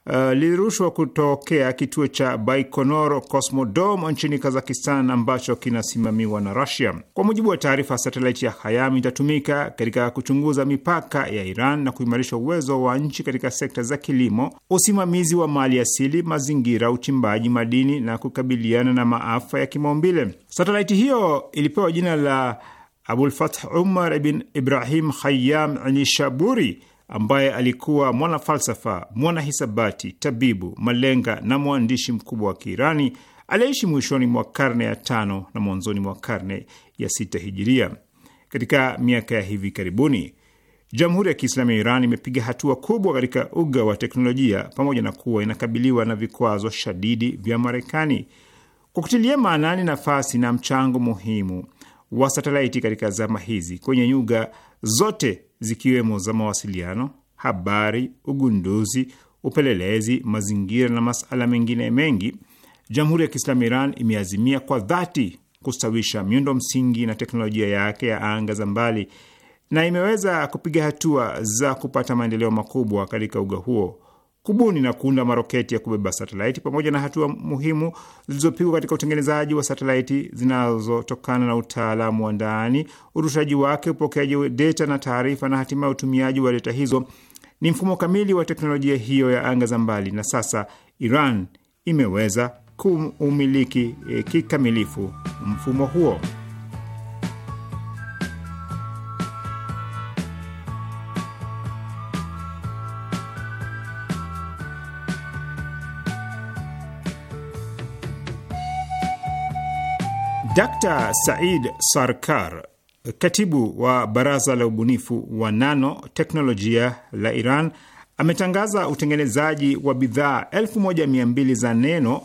Eh, lilirushwa kutokea kituo cha Baikonoro Cosmodrome nchini Kazakistan ambacho kinasimamiwa na Russia. Kwa mujibu wa taarifa, satelaiti ya Hayam itatumika katika kuchunguza mipaka ya Iran na kuimarisha uwezo wa nchi katika sekta za kilimo, usimamizi wa mali asili, mazingira, uchimbaji madini na kukabiliana na maafa ya kimaumbile. Satelaiti hiyo ilipewa jina la Abulfath Umar bn Ibrahim Khayam nishaburi ambaye alikuwa mwanafalsafa, mwanahisabati, tabibu, malenga na mwandishi mkubwa wa Kiirani aliyeishi mwishoni mwa karne ya tano na mwanzoni mwa karne ya sita hijiria. Katika miaka ya hivi karibuni, Jamhuri ya Kiislamu ya Iran imepiga hatua kubwa katika uga wa teknolojia, pamoja na kuwa inakabiliwa na vikwazo shadidi vya Marekani. Kwa kutilia maanani nafasi na mchango muhimu wa satelaiti katika zama hizi kwenye nyuga zote zikiwemo za mawasiliano, habari, ugunduzi, upelelezi, mazingira na masuala mengine mengi, Jamhuri ya Kiislamu Iran imeazimia kwa dhati kustawisha miundo msingi na teknolojia yake ya anga za mbali na imeweza kupiga hatua za kupata maendeleo makubwa katika uga huo kubuni na kuunda maroketi ya kubeba satelaiti pamoja na hatua muhimu zilizopigwa katika utengenezaji wa satelaiti zinazotokana na utaalamu wa ndani, urushaji wake, upokeaji data na taarifa, na hatimaye utumiaji wa data hizo, ni mfumo kamili wa teknolojia hiyo ya anga za mbali, na sasa Iran imeweza kuumiliki eh, kikamilifu mfumo huo. Dr Said Sarkar, katibu wa baraza la ubunifu wa nano teknolojia la Iran, ametangaza utengenezaji wa bidhaa 1200 za neno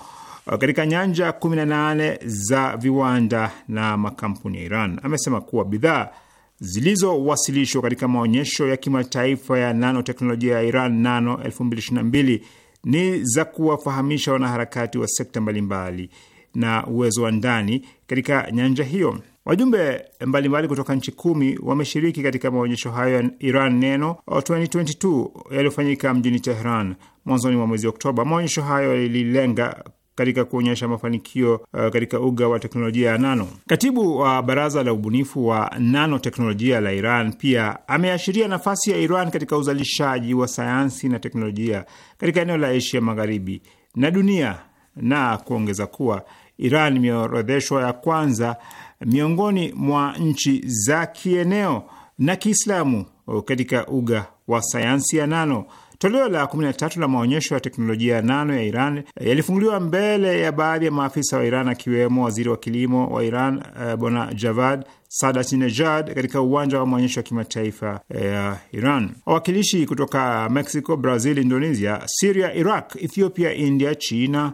uh, katika nyanja 18 za viwanda na makampuni ya Iran. Amesema kuwa bidhaa zilizowasilishwa katika maonyesho ya kimataifa ya nanoteknolojia ya Iran nano 2022 ni za kuwafahamisha wanaharakati wa sekta mbalimbali na uwezo wa ndani katika nyanja hiyo. Wajumbe mbalimbali kutoka nchi kumi wameshiriki katika maonyesho hayo ya Iran Neno 2022 yaliyofanyika mjini Tehran mwanzoni mwa mwezi Oktoba. Maonyesho hayo yalilenga katika kuonyesha mafanikio uh, katika uga wa teknolojia ya nano. Katibu wa baraza la ubunifu wa nano teknolojia la Iran pia ameashiria nafasi ya Iran katika uzalishaji wa sayansi na teknolojia katika eneo la Asia Magharibi na dunia na kuongeza kuwa Iran imeorodheshwa ya kwanza miongoni mwa nchi za kieneo na Kiislamu katika uga wa sayansi ya nano. Toleo la 13 la maonyesho ya teknolojia ya nano ya Iran yalifunguliwa mbele ya baadhi ya maafisa wa Iran akiwemo waziri wa kilimo wa Iran eh, Bwana Javad Sadatinejad katika uwanja wa maonyesho ya kimataifa eh, ya Iran. Wawakilishi kutoka Mexico, Brazil, Indonesia, Siria, Iraq, Ethiopia, India, China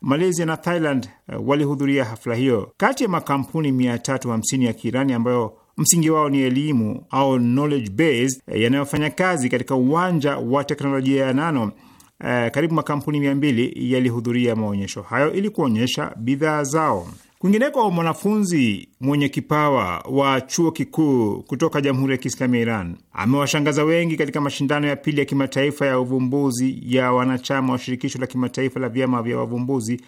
Malaysia na Thailand eh, walihudhuria hafla hiyo. Kati ya makampuni 350 ya Kiirani ambayo msingi wao ni elimu au knowledge base eh, yanayofanya kazi katika uwanja wa teknolojia ya nano, eh, karibu makampuni 200 yalihudhuria maonyesho hayo ili kuonyesha bidhaa zao. Kwingineko, mwanafunzi mwenye kipawa wa chuo kikuu kutoka Jamhuri ya Kiislamu ya Iran amewashangaza wengi katika mashindano ya pili ya kimataifa ya uvumbuzi ya wanachama wa Shirikisho la Kimataifa la Vyama vya Wavumbuzi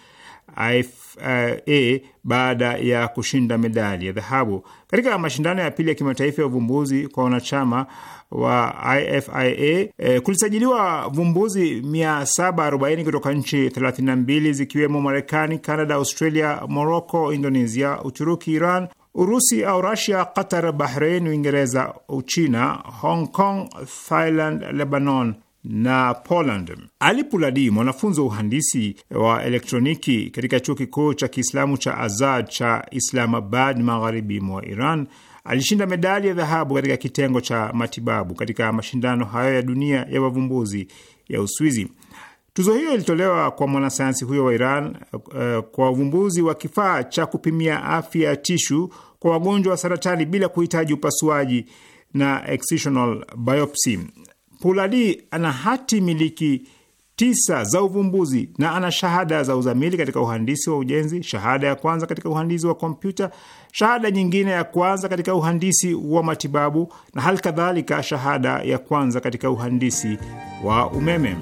IFA baada ya kushinda medali ya dhahabu katika mashindano ya pili ya kimataifa ya uvumbuzi kwa wanachama wa IFIA. E, eh, kulisajiliwa vumbuzi 740 kutoka nchi 32 zikiwemo Marekani, Canada, Australia, Morocco, Indonesia, Uturuki, Iran, Urusi au Russia, Qatar, Bahrain, Uingereza, Uchina, Hong Kong, Thailand, Lebanon na Poland. Ali Puladi, mwanafunzi wa uhandisi wa elektroniki katika chuo kikuu cha Kiislamu cha Azad cha Islamabad, magharibi mwa Iran, alishinda medali ya dhahabu katika kitengo cha matibabu katika mashindano hayo ya dunia ya wavumbuzi ya Uswizi. Tuzo hiyo ilitolewa kwa mwanasayansi huyo wa Iran uh, kwa uvumbuzi wa kifaa cha kupimia afya ya tishu kwa wagonjwa wa saratani bila kuhitaji upasuaji na excisional biopsy. Puladi ana hati miliki tisa za uvumbuzi na ana shahada za uzamili katika uhandisi wa ujenzi, shahada ya kwanza katika uhandisi wa kompyuta, shahada nyingine ya kwanza katika uhandisi wa matibabu na hali kadhalika shahada ya kwanza katika uhandisi wa umeme.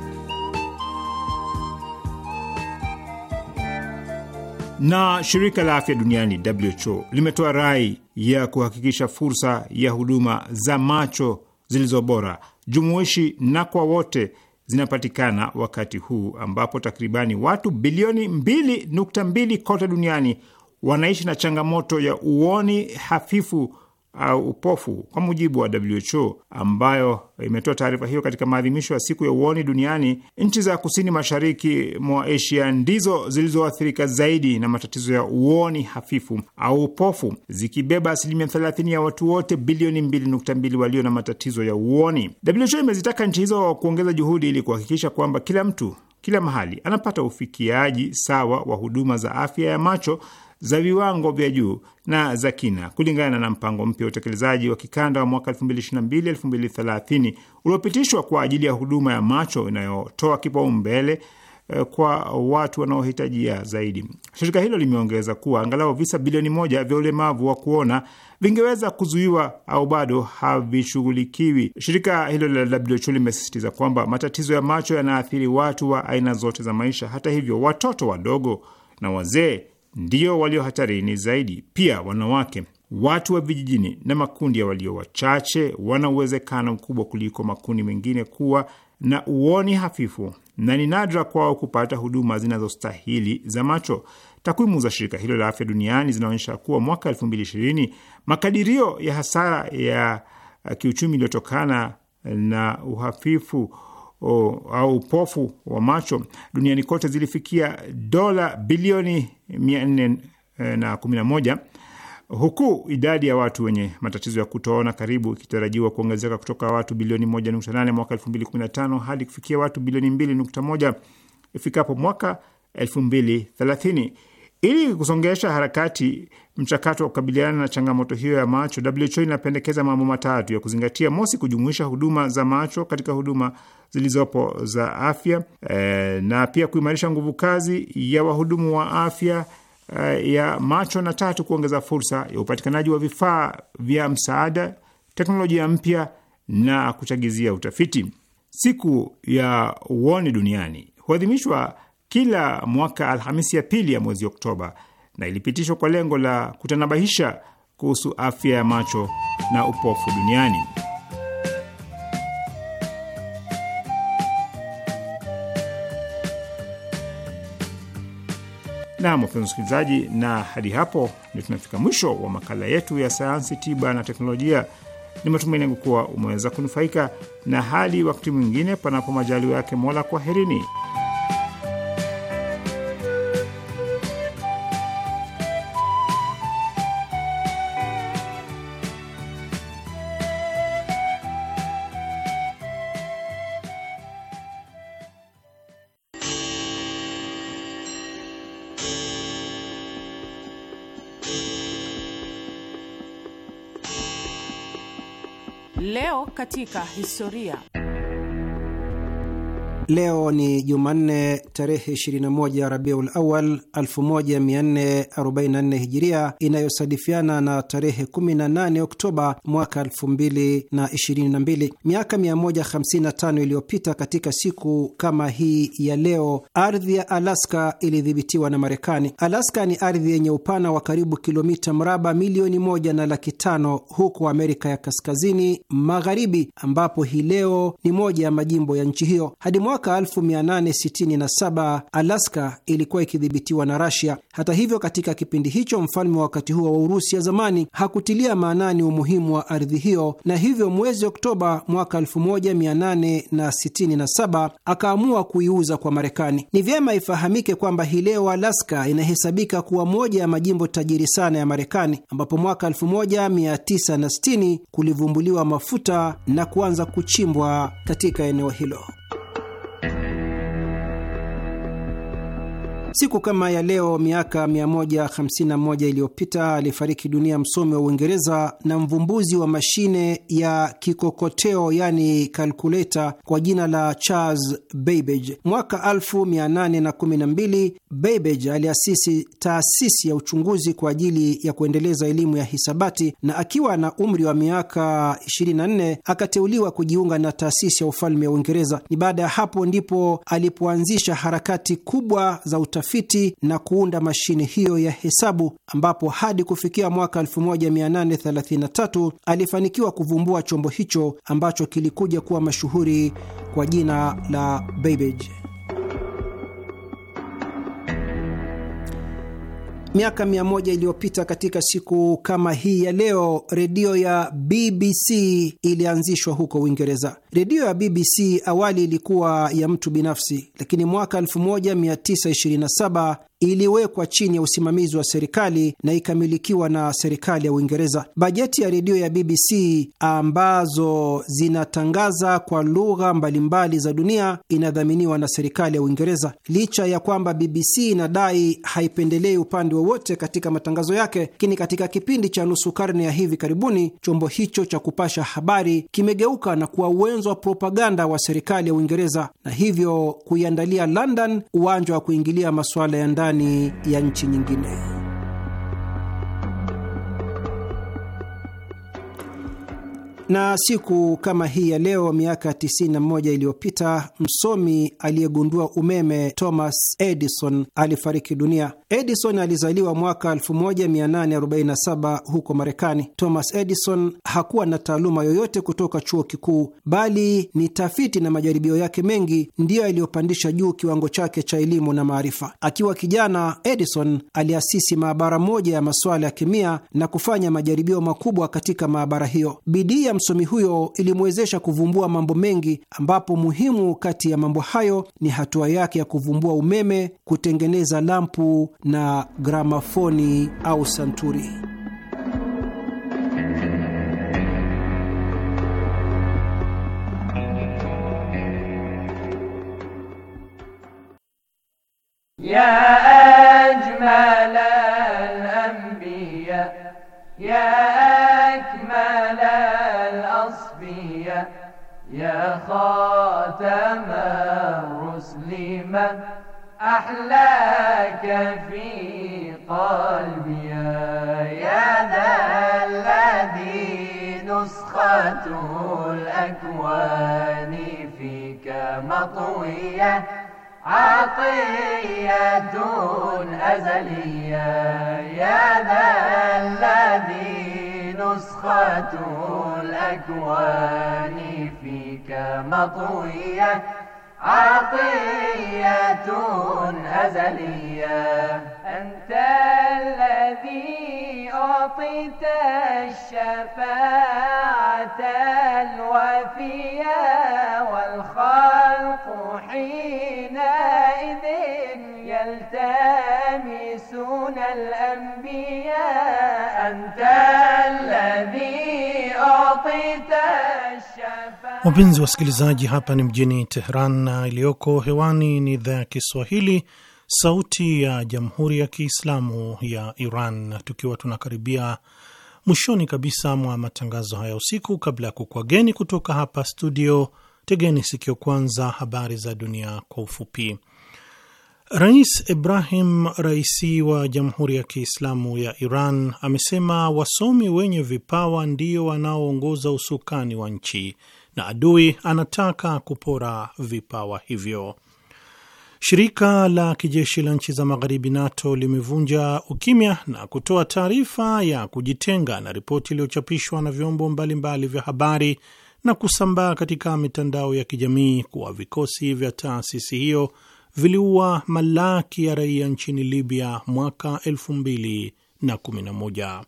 Na shirika la afya duniani WHO limetoa rai ya kuhakikisha fursa ya huduma za macho zilizo bora jumuishi na kwa wote zinapatikana wakati huu ambapo takribani watu bilioni 2.2 kote duniani wanaishi na changamoto ya uoni hafifu au upofu, kwa mujibu wa WHO ambayo imetoa taarifa hiyo katika maadhimisho ya siku ya uoni duniani. Nchi za kusini mashariki mwa Asia ndizo zilizoathirika zaidi na matatizo ya uoni hafifu au upofu, zikibeba asilimia 30 ya watu wote bilioni 2.2 walio na matatizo ya uoni. WHO imezitaka nchi hizo kuongeza juhudi ili kuhakikisha kwamba kila mtu, kila mahali, anapata ufikiaji sawa wa huduma za afya ya macho za viwango vya juu na za kina kulingana na mpango mpya wa utekelezaji wa kikanda wa mwaka 2022-2030 uliopitishwa kwa ajili ya huduma ya macho inayotoa kipaumbele eh, kwa watu wanaohitajia zaidi. Shirika hilo limeongeza kuwa angalau visa bilioni moja vya ulemavu wa kuona vingeweza kuzuiwa au bado havishughulikiwi. Shirika hilo la WHO limesisitiza kwamba matatizo ya macho yanaathiri watu wa aina zote za maisha. Hata hivyo, watoto wadogo na wazee ndio walio hatarini zaidi. Pia wanawake, watu wa vijijini na makundi ya walio wachache wana uwezekano mkubwa kuliko makundi mengine kuwa na uoni hafifu na ni nadra kwao kupata huduma zinazostahili za macho. Takwimu za shirika hilo la afya duniani zinaonyesha kuwa mwaka 2020 makadirio ya hasara ya kiuchumi iliyotokana na uhafifu o, au upofu wa macho duniani kote zilifikia dola bilioni 411 eh, huku idadi ya watu wenye matatizo ya kutoona karibu ikitarajiwa kuongezeka kutoka watu bilioni 1.8 mwaka 2015 hadi kufikia watu bilioni 2.1 ifikapo mwaka 2030. Ili kusongesha harakati mchakato wa kukabiliana na changamoto hiyo ya macho, WHO inapendekeza mambo matatu ya kuzingatia: mosi, kujumuisha huduma za macho katika huduma zilizopo za afya e, na pia kuimarisha nguvu kazi ya wahudumu wa afya e, ya macho, na tatu, kuongeza fursa ya upatikanaji wa vifaa vya msaada, teknolojia mpya na kuchagizia utafiti. Siku ya uoni duniani huadhimishwa kila mwaka Alhamisi ya pili ya mwezi Oktoba na ilipitishwa kwa lengo la kutanabahisha kuhusu afya ya macho na upofu duniani. Nam, wapenzi msikilizaji, na hadi hapo ndio tunafika mwisho wa makala yetu ya sayansi, tiba na teknolojia. Ni matumaini yangu kuwa umeweza kunufaika, na hadi wakati mwingine, panapo majaliwa yake Mola, kwaherini. katika historia. Leo ni Jumanne tarehe 21 Rabiul Awal 1444 Hijiria, inayosadifiana na tarehe 18 Oktoba mwaka 2022. Miaka 155 iliyopita, katika siku kama hii ya leo, ardhi ya Alaska ilidhibitiwa na Marekani. Alaska ni ardhi yenye upana wa karibu kilomita mraba milioni moja na laki tano huko Amerika ya Kaskazini Magharibi, ambapo hii leo ni moja ya majimbo ya nchi hiyo hadi mwaka mwaka 1867 Alaska ilikuwa ikidhibitiwa na Rasia. Hata hivyo, katika kipindi hicho mfalme wa wakati huo wa Urusi ya zamani hakutilia maanani umuhimu wa ardhi hiyo, na hivyo mwezi Oktoba mwaka 1867 akaamua kuiuza kwa Marekani. Ni vyema ifahamike kwamba hii leo Alaska inahesabika kuwa moja ya majimbo tajiri sana ya Marekani, ambapo mwaka 1960 kulivumbuliwa mafuta na kuanza kuchimbwa katika eneo hilo. Siku kama ya leo miaka 151 iliyopita alifariki dunia msomi wa Uingereza na mvumbuzi wa mashine ya kikokoteo yani kalkuleta kwa jina la Charles Babbage. Mwaka 1812 Babbage aliasisi taasisi ya uchunguzi kwa ajili ya kuendeleza elimu ya hisabati na akiwa na umri wa miaka 24 akateuliwa kujiunga na taasisi ya ufalme wa Uingereza. Ni baada ya hapo ndipo alipoanzisha harakati kubwa za utafiti utafiti na kuunda mashine hiyo ya hesabu, ambapo hadi kufikia mwaka 1833 alifanikiwa kuvumbua chombo hicho ambacho kilikuja kuwa mashuhuri kwa jina la Babbage. Miaka mia moja iliyopita katika siku kama hii ya leo, redio ya BBC ilianzishwa huko Uingereza. Redio ya BBC awali ilikuwa ya mtu binafsi, lakini mwaka 1927 iliwekwa chini ya usimamizi wa serikali na ikamilikiwa na serikali ya Uingereza. Bajeti ya redio ya BBC ambazo zinatangaza kwa lugha mbalimbali za dunia inadhaminiwa na serikali ya Uingereza. Licha ya kwamba BBC inadai haipendelei upande wowote katika matangazo yake, lakini katika kipindi cha nusu karne ya hivi karibuni chombo hicho cha kupasha habari kimegeuka na kuwa uwenzo wa propaganda wa serikali ya Uingereza na hivyo kuiandalia London uwanja wa kuingilia masuala ya ndani ndani ya nchi nyingine. Na siku kama hii ya leo miaka 91 iliyopita msomi aliyegundua umeme Thomas Edison alifariki dunia. Edison alizaliwa mwaka 1847 huko Marekani. Thomas Edison hakuwa na taaluma yoyote kutoka chuo kikuu, bali ni tafiti na majaribio yake mengi ndiyo yaliyopandisha juu kiwango chake cha elimu na maarifa. Akiwa kijana, Edison aliasisi maabara moja ya masuala ya kemia na kufanya majaribio makubwa katika maabara hiyo. Bidii ya msomi huyo ilimwezesha kuvumbua mambo mengi, ambapo muhimu kati ya mambo hayo ni hatua yake ya kuvumbua umeme, kutengeneza lampu na gramafoni au santuri. Ya يا خاتم الرسل من أحلاك في قلبي يا ذا الذي نسخة الأكوان فيك مطوية عطية أزلية يا ذا الذي نسخة الأكوان فيك مطوية عطية أزلية أنت الذي أعطيت الشفاعة الوفية والخلق حينئذ يلتمسون الأنبياء أنت Wapenzi wasikilizaji, hapa ni mjini Teheran na iliyoko hewani ni idhaa ya Kiswahili, Sauti ya Jamhuri ya Kiislamu ya Iran, tukiwa tunakaribia mwishoni kabisa mwa matangazo haya usiku. Kabla ya kukwageni kutoka hapa studio, tegeni sikio kwanza habari za dunia kwa ufupi. Rais Ibrahim Raisi wa Jamhuri ya Kiislamu ya Iran amesema wasomi wenye vipawa ndio wanaoongoza usukani wa nchi na adui anataka kupora vipawa hivyo. Shirika la kijeshi la nchi za magharibi NATO limevunja ukimya na kutoa taarifa ya kujitenga na ripoti iliyochapishwa na vyombo mbalimbali vya habari na kusambaa katika mitandao ya kijamii kuwa vikosi vya taasisi hiyo viliua malaki ya raia nchini Libya mwaka 211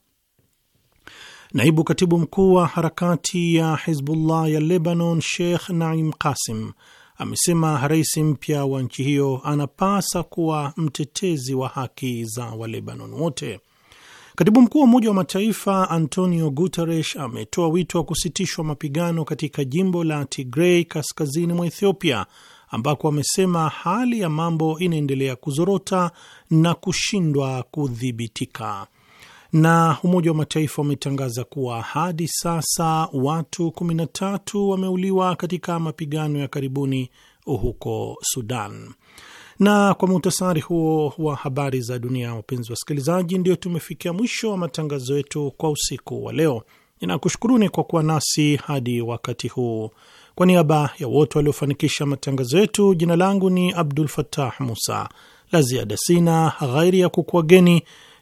Naibu katibu mkuu wa harakati ya Hizbullah ya Lebanon, Sheikh Naim Qasim, amesema rais mpya wa nchi hiyo anapasa kuwa mtetezi wa haki za Walebanon wote. Katibu mkuu wa Umoja wa Mataifa Antonio Guterres ametoa wito wa kusitishwa mapigano katika jimbo la Tigrei kaskazini mwa Ethiopia, ambako amesema hali ya mambo inaendelea kuzorota na kushindwa kudhibitika. Na Umoja wa Mataifa umetangaza kuwa hadi sasa watu 13 wameuliwa katika mapigano ya karibuni huko Sudan. Na kwa muhtasari huo wa habari za dunia, wapenzi wa wasikilizaji, ndio tumefikia mwisho wa matangazo yetu kwa usiku wa leo. Ninakushukuruni kwa kuwa nasi hadi wakati huu. Kwa niaba ya wote waliofanikisha matangazo yetu, jina langu ni Abdul fatah Musa. La ziada sina ghairi ya kukuageni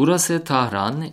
Burası Tahran,